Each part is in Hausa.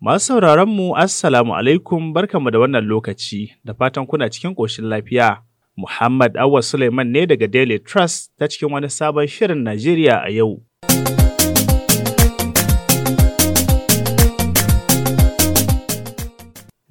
Masu sauraronmu, Assalamu alaikum, barkanmu da wannan lokaci, da fatan kuna cikin ƙoshin lafiya. Muhammad Awa Suleiman ne daga Daily Trust ta cikin wani sabon shirin Najeriya a yau.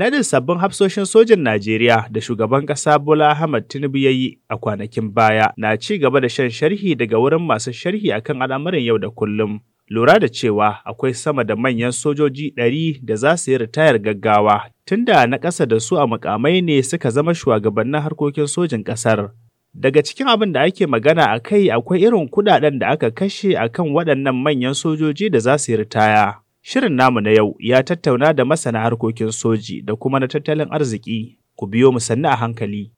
Nadin sabbin hafsoshin sojin Najeriya da shugaban ƙasa Bola Ahmad Tinubu ya yi a kwanakin baya na ci gaba da shan sharhi daga wurin masu sharhi akan al'amuran yau da kullum. lura da cewa akwai sama da manyan sojoji ɗari da za su yi ritayar gaggawa tunda na ƙasa da su a mukamai ne suka zama shugabannin harkokin sojin ƙasar. Daga cikin abin da ake magana a kai akwai irin kuɗaɗen da aka kashe a kan waɗannan manyan sojoji da za su yi ritaya. Shirin namu na yau ya tattauna da masana harkokin soji da kuma na tattalin arziki. Ku biyo mu sannu a hankali.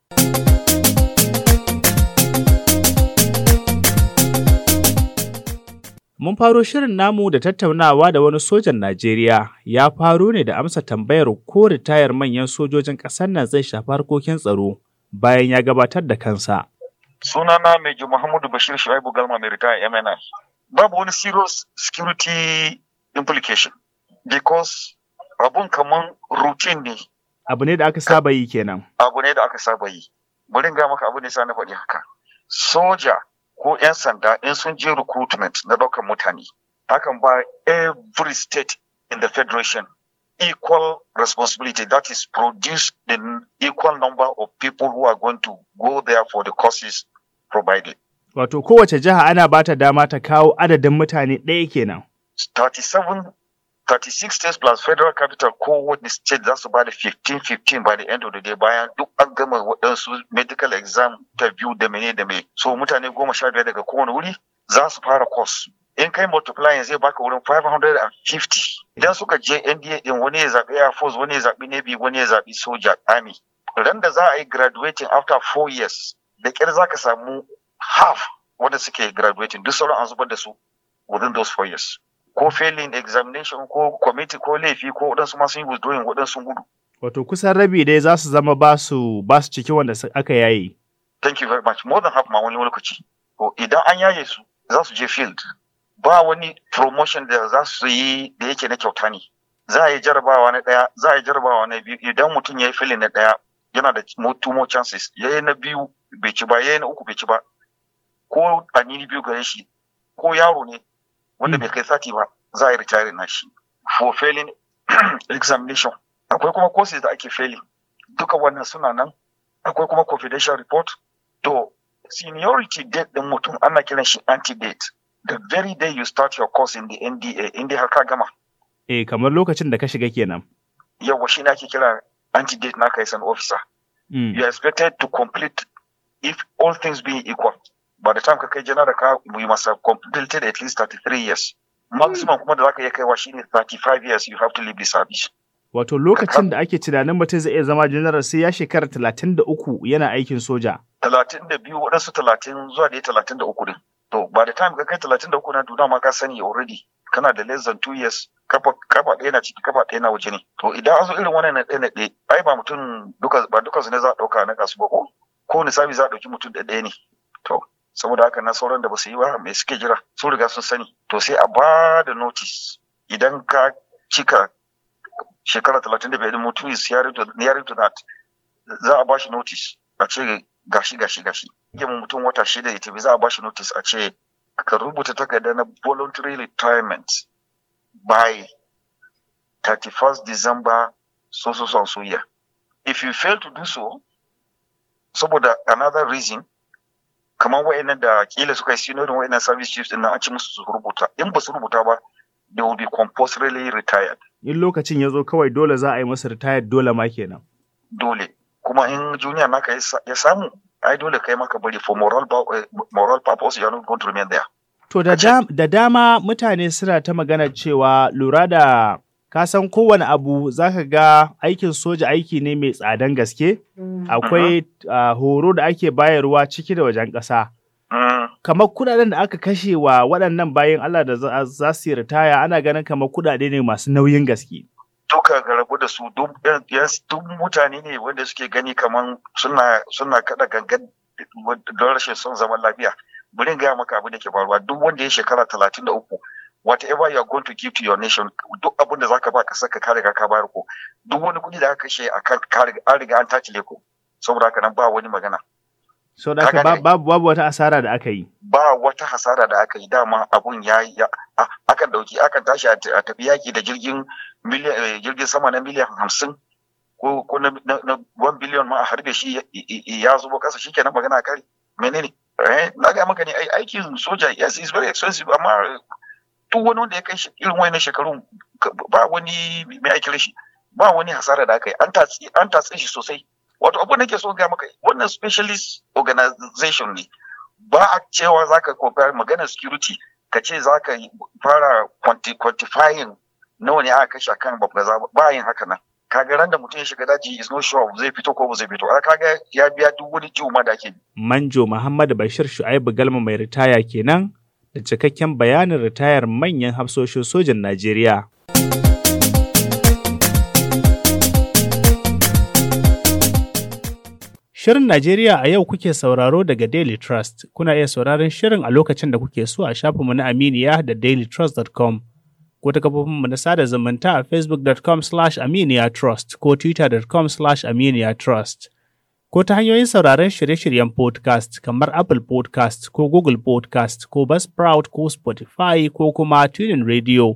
Mun faro shirin namu da tattaunawa da wani sojan Najeriya ya faro ne da amsa tambayar ko ritayar manyan sojojin ƙasar nan zai shafi harkokin tsaro bayan ya gabatar da kansa. Sunana Mejo Muhammadu Bashir Shu'aibu Galma mai ritaya MNI. Babu wani serious security implication because abun kamar routine ne. Abu ne da aka saba yi kenan. Abu ne da aka saba yi. Bari ga maka abu ne sa na faɗi haka. Soja ko 'yan sanda in sun je recruitment na ɗaukar mutane hakan ba every state in the federation equal responsibility that is produce the equal number of people who are going to go there for the courses provided. Wato kowace jiha ana bata dama ta kawo adadin mutane ɗaya kenan. 37 36 states plus federal capital kowane state za su bada 15-15 by the end of the day bayan duk an gama waɗansu medical exam ta biyu da mene da me so mutane goma sha biyar daga kowane wuri za su fara course in kai multiplying zai baka wurin 550 idan suka je nda din wani ya zaɓi air force wani ya zaɓi navy wani ya zaɓi soja army ran da za a yi graduating after four years da ƙyar za ka samu half wanda suke graduating duk sauran an zubar da su within those four years ko failing examination ko committee ko laifi ko waɗansu masu yi withdrawing waɗansu gudu. Wato kusan rabi dai za su zama ba su ciki wanda aka yaye. Thank you very much. More than half ma wani lokaci. To idan an yaye su za su je field. Ba wani promotion da za su yi da yake na kyauta ne. Za a yi jarabawa na ɗaya, za a yi jarabawa na biyu. Idan mutum ya yi filin na ɗaya yana da two more chances. Ya yi na biyu bai ci ba, ya yi na uku bai ci ba. Ko a biyu gare shi, ko yaro ne wanda bai kai sati ba za a yi retire na shi for failing examination akwai kuma courses da ake failing duka wannan suna nan akwai kuma confidential report to seniority date din mutum ana kiran shi anti date the very day you start your course in the NDA in har ka gama eh kamar lokacin da ka shiga kenan yawa shi ake kira anti date na kai san officer mm. you are expected to complete if all things being equal by the time ka kai general ka yi masa completed at least 33 years maximum kuma da zaka iya kaiwa shine 35 years you have to leave the service wato lokacin da ake tunanin mutum zai iya zama general sai ya shekara 33 yana aikin soja 32 waɗansu 30 zuwa da 33 din to by the time ka kai 33 na to ma ka sani already kana da less than 2 years kafa kafa ɗaya na ciki kafa ɗaya na waje ne to idan an zo irin wannan na ɗaya na ɗaya ai ba mutum duka ba duka su ne za a ɗauka na kasu ba ko ko ne sabi za a ɗauki mutum da ɗaya ne to saboda haka na sauran da ba su yi ba mai suke jira sun riga sun sani to sai a ba da notice idan ka cika shekara talatin da biyar mutum is nearing to that za a ba shi notice a ce gashi gashi gashi mu mutum wata shida ita tafi za a ba shi notice a ce ka rubuta takarda na voluntary retirement by 31st December so so so so yeah. If you fail to do so, saboda another reason kamar wa'annan da kila suka yi sinodin wa'annan service chiefs din nan an ci musu su rubuta in ba su rubuta ba they will be compulsorily retired in lokacin ya zo kawai dole za a yi masa retired dole ma kenan dole kuma in junior naka ya samu ai dole kai maka bari for moral eh, moral purpose you are not going to remain there to da dama mutane suna ta magana cewa lura da ka san kowane abu za ka ga aikin soja aiki ne mai tsadan gaske mm. akwai ah, horo da ake bayarwa ciki da wajen ƙasa kamar kudaden da aka kashe wa waɗannan bayan Allah da za su yi ritaya ana ganin kamar kudade ne masu nauyin gaske duka ga rabu da su eh, duk mutane ne wanda suke gani kamar suna kada gangan don rashin son zaman lafiya Burin gaya maka abin da ke faruwa duk wanda ya shekara talatin da uku whatever you are going to give to your nation duk abin da zaka ba ka saka ka riga ka bayar ko duk wani kuɗi da aka kashe akan an riga an tace ko saboda haka nan ba wani magana so da ka babu babu wata asara da aka yi ba wata hasara da aka yi dama abun ya akan dauki akan tashi a tafi yaki da jirgin eh, jirgin sama na miliyan hamsin ko ko na 1 biliyon ma a harbe shi ya zubo kasa shi nan magana kare menene eh, na ga maka ne aikin soja yes is very expensive amma duk wani wanda ya kai irin wayannan shekarun ba wani mai aiki shi ba wani hasara da aka yi an tatsi shi sosai wato "abu da ke so ga maka wannan specialist organization ne ba a cewa zaka compare maganar security ka ce zaka fara quantifying nawa ne aka kashe akan babu gaza ba yin haka nan kaga ran da mutum ya shiga daji is no sure zai fito ko ba zai fito A ka ga ya biya duk wani juma ma da ake manjo muhammad bashir shu'aibu galma mai ritaya kenan da cikakken bayanin ritayar manyan hafsoshin sojin Najeriya. Shirin Najeriya a yau kuke sauraro daga Daily Trust. Kuna iya sauraron shirin a lokacin da kuke so a shafinmu na Aminiya da dailytrust.com ko ta kafofinmu na sada zumunta a facebook.com/aminiya trust ko twitter.com/aminiya trust. ko ta hanyoyin sauraron shirye-shiryen podcast kamar Apple podcast ko Google podcast ko Buzzsprout ko Spotify ko kuma TuneIn Radio.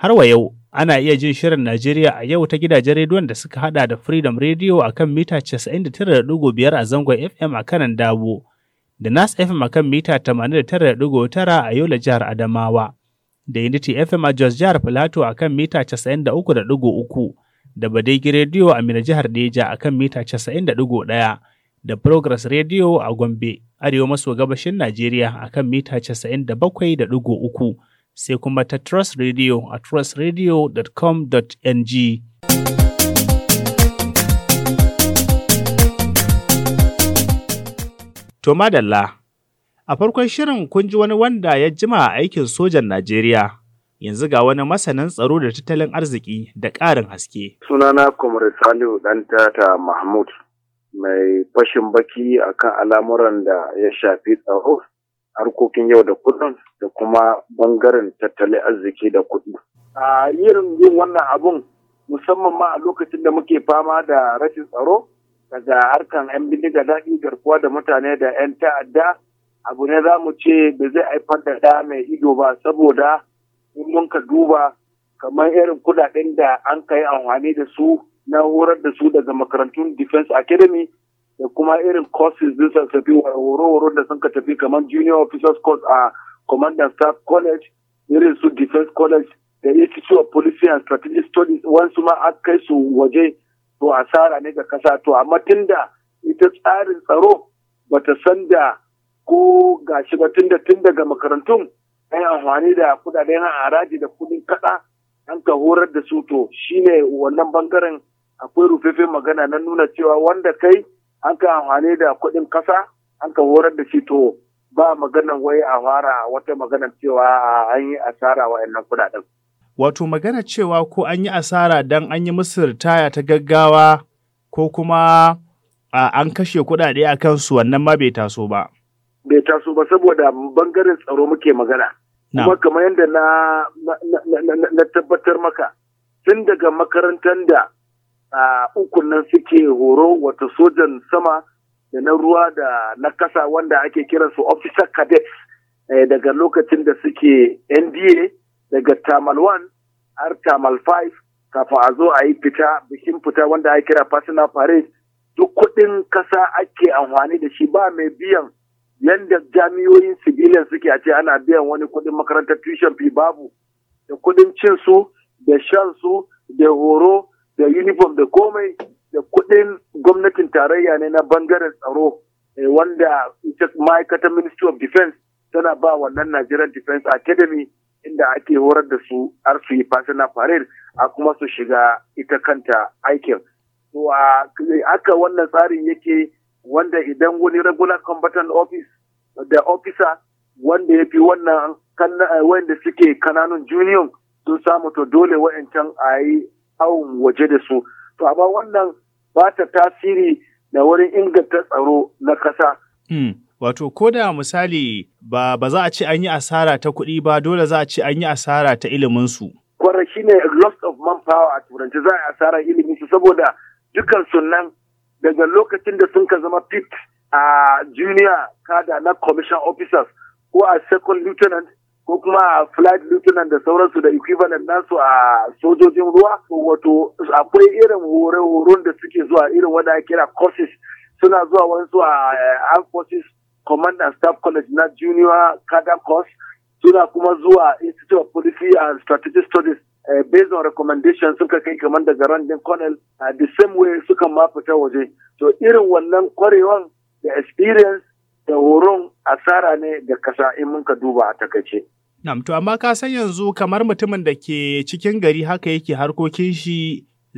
Har wa yau, ana iya jin shirin Najeriya a yau ta gidajen rediyon da suka hada da Freedom Radio a kan mita 99.5 a zangon FM a kanan Dabo, da Nas FM a kan mita 89.9 a Yola jihar Adamawa, da Unity FM a Jos jihar Filato a kan mita 93.3. da Badegi Radio a Mina jihar Neja a kan mita 90.1 da Progress Radio a Gombe, Arewa maso gabashin Najeriya a kan mita 97.3 sai kuma ta Trust Radio a trustradio.com.ng. To madalla, a farkon shirin kun ji wani wanda ya jima a aikin sojan Najeriya. Yanzu ga wani masanin tsaro da tattalin arziki da ƙarin haske. Sunana Comrade dan tata Mahmud mai fashin baki akan al'amuran da ya shafi tsaro harkokin yau da kullum da kuma bangaren tattalin arziki da kuɗi. A irin yin wannan abun musamman ma a lokacin da muke fama da rashin tsaro daga harkan 'yan bindiga daɗi garkuwa da mutane da 'yan ta'adda abu ne za mu ce ba zai haifar da ɗa mai ido ba saboda in mun ka duba kamar irin kudaden da an kai amfani da su na horar da su daga makarantun defense academy da kuma irin courses din sun tafi horo-horo da sun ka tafi kamar junior officers course a command and staff college irin su defense college da institute of policy and strategic studies wasu ma an kai su waje to asara ne ga kasa to amma tunda ita tsarin tsaro bata san da ko gashi ba tunda tun daga makarantun na yi amfani da na haraji da kudin kaɗa an ka horar da su to shine wannan bangaren akwai rufefe magana na nuna cewa wanda kai an ka amfani da kudin kasa an ka horar da shi to ba maganan wai a fara wata maganar cewa an yi asara wa yannan kudaden. Wato magana cewa ko an yi asara dan an yi musu ritaya ta gaggawa ko kuma a an kashe kuɗaɗe a kansu wannan ma bai taso ba. Bai taso ba saboda bangaren tsaro muke magana. Kuma kamar yadda na tabbatar maka tun daga makarantar da ukun nan suke horo wata sojan sama da na ruwa da na kasa wanda ake kiransu officer cadets eh, daga lokacin da suke NDA daga Tamal 1 har Tamal 5 kafin a zo a yi fita bikin fita wanda ake kira personal parade duk kudin kasa ake amfani da shi ba mai biyan yadda jami'oyin sibilin suke a ce ana biyan wani kudin makarantar tuition fee babu da kudin cin su da shan su da horo da uniform da komai da kudin gwamnatin tarayya ne na bangaren tsaro eh, wanda ita ma'aikatar ministry of defense tana ba wannan nigerian defense academy inda ake horar da su har su yi fasina parade a kuma su shiga ita kanta aikin to a haka wannan tsarin yake wanda idan wani regular combatant office da officer wanda ya fi wannan eh, wanda suke kananan junior sun samu to dole wa'ancan a yi awon waje da su to amma wannan ba ta tasiri na wurin inganta tsaro na kasa. Hmm, wato, ko da misali ba, za a ce an yi asara ta kuɗi ba dole za a ce an yi asara ta iliminsu. Kwarar shi ne loss of manpower a turanci za a yi asara su saboda dukan nan daga lokacin da sun ka zama pit a junior kada na commission officers ko a second lieutenant ko kuma a flight lieutenant da sauransu da equivalent nasu a sojojin ruwa wato akwai irin horon da suke zuwa irin wanda kira courses suna zuwa wasu a eh, armed forces command and staff college na junior kada course suna kuma zuwa institute of policy and strategic studies uh, based on recommendation suka kai kamar daga randin Cornell a the same way suka ma fita waje. To irin wannan kwarewan da experience da horon asara ne da kasa in mun ka duba a takaice. Nam, amma ka san yanzu kamar mutumin da ke cikin gari haka yake harkokin shi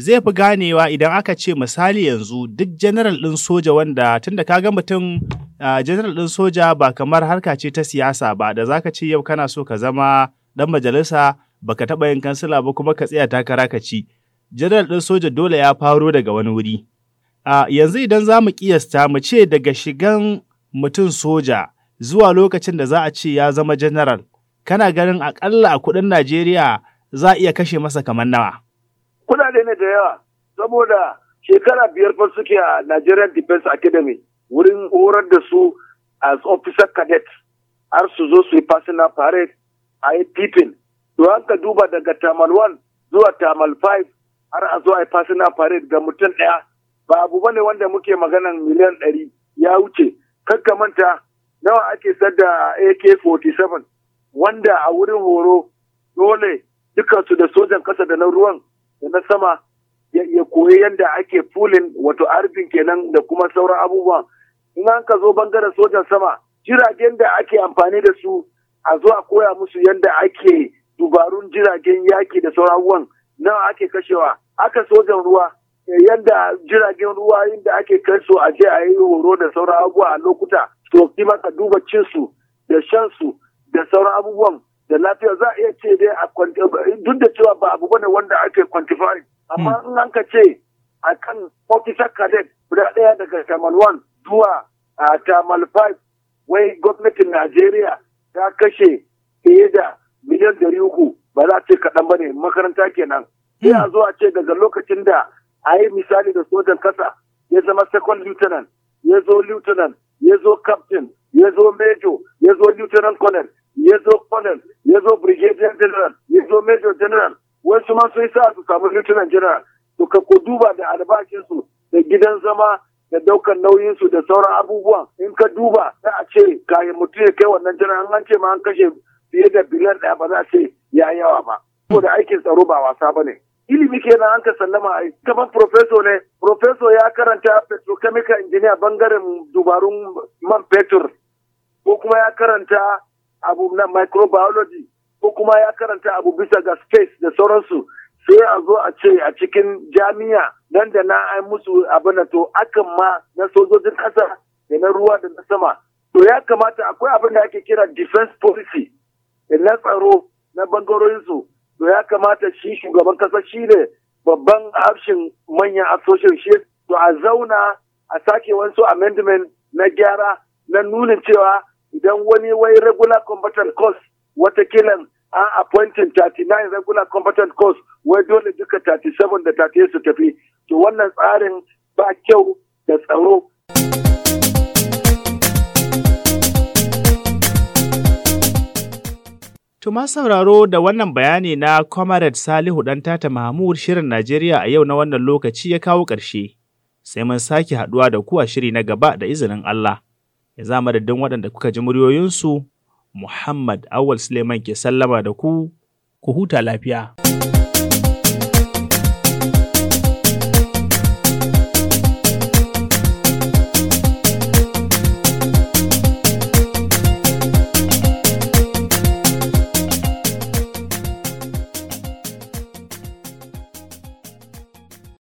zai fi ganewa idan aka ce misali yanzu duk general ɗin soja wanda tunda ka ga mutum general ɗin soja ba kamar harka ce ta siyasa ba da zaka ce yau kana so ka zama ɗan majalisa baka taɓa yin kansila ba kuma ka tsaya takara ka ci, janar ɗin soja dole ya faro daga wani wuri. A yanzu idan za mu ƙiyasta mu ce daga shigan mutum soja zuwa lokacin da za a ce ya zama janaral, kana ganin aƙalla a kuɗin Najeriya za a iya kashe masa kamar nawa. Kuɗaɗe ne da yawa, saboda shekara biyar fa suke a Nigerian Defense Academy wurin horar da su as officer cadet har su zo su yi personal parade a yi peeping to an ka duba daga tamal 1 zuwa tamal 5 har a zuwa fasina parade ga mutum ɗaya ba abu bane wanda muke maganan miliyan ɗari ya wuce kakka manta nawa ake sadda AK-47 wanda a wurin horo dole dukansu da sojan kasa da na ruwan da na sama ya koyi yadda ake fulin wato arfin kenan da kuma sauran abubuwa in an ka zo bangaren sojan sama jiragen da ake amfani da su a zo a koya musu yadda ake dubarun jiragen yaki da sauran nawa ake kashewa aka sojan ruwa eh, yadda jiragen ruwa inda ake kai su a je a yi horo da sauran abubuwa a lokuta to fi maka duba cinsu da shansu da sauran abubuwan da lafiya za a iya ce dai a eh, duk da cewa ba abu ne wanda ake kwantifari amma hmm. in an ka ce a kan officer cadet guda daya daga tamal 1 zuwa a tamal 5 wai gwamnatin najeriya ta kashe fiye da gari uku ba za a ce kaɗan ba ne makaranta kenan. Sai a hmm. zo a ce daga lokacin da a yi misali da sojan kasa ya zama second lieutenant ya zo lieutenant ya zo captain ya zo major ya zo lieutenant colonel ya zo colonel ya zo brigadier general ya zo major general wasu ma sun sa su samu lieutenant general to ka ko duba da albashinsu da gidan zama da daukan nauyinsu da sauran abubuwan in ka duba za a ce kayan mutum ya kai wannan jiran an ce ma an kashe fiye da biliyan ɗaya ba za a ce ya yawa ba. ko da aikin tsaro ba wasa ba ne. Ilimi kenan an ka sallama a kamar profeso ne. Profeso ya karanta petrochemical engineer bangaren dubarun man fetur. Ko kuma ya karanta abu na microbiology. Ko kuma ya karanta abu bisa ga space da sauransu. sai a zo a ce a cikin jami'a nan da na ai musu abin da to akan ma na sojojin ƙasa da na ruwa da na sama to ya kamata akwai abin da ake kira defense policy na tsaro na bangarorinsu to ya kamata shi shugaban kasa shi ne babban harshen manyan asoshin shi to a zauna a sake wasu amendment na gyara na nunin cewa idan wani wai regular competent wata watakilan an appointing 39 regular competent cost wai dole duka 37 da 38 su tafi to wannan tsarin ba kyau da tsaro. Tuma sauraro da wannan bayani na Comrade Salihu tata Mahmud Shirin Najeriya a yau na wannan lokaci ya kawo ƙarshe, sai mun sake haɗuwa da ku a shiri na gaba da izinin Allah. Ya za madadin waɗanda kuka ji muryoyinsu, Muhammad Awal Suleiman ke sallama da ku, ku huta lafiya.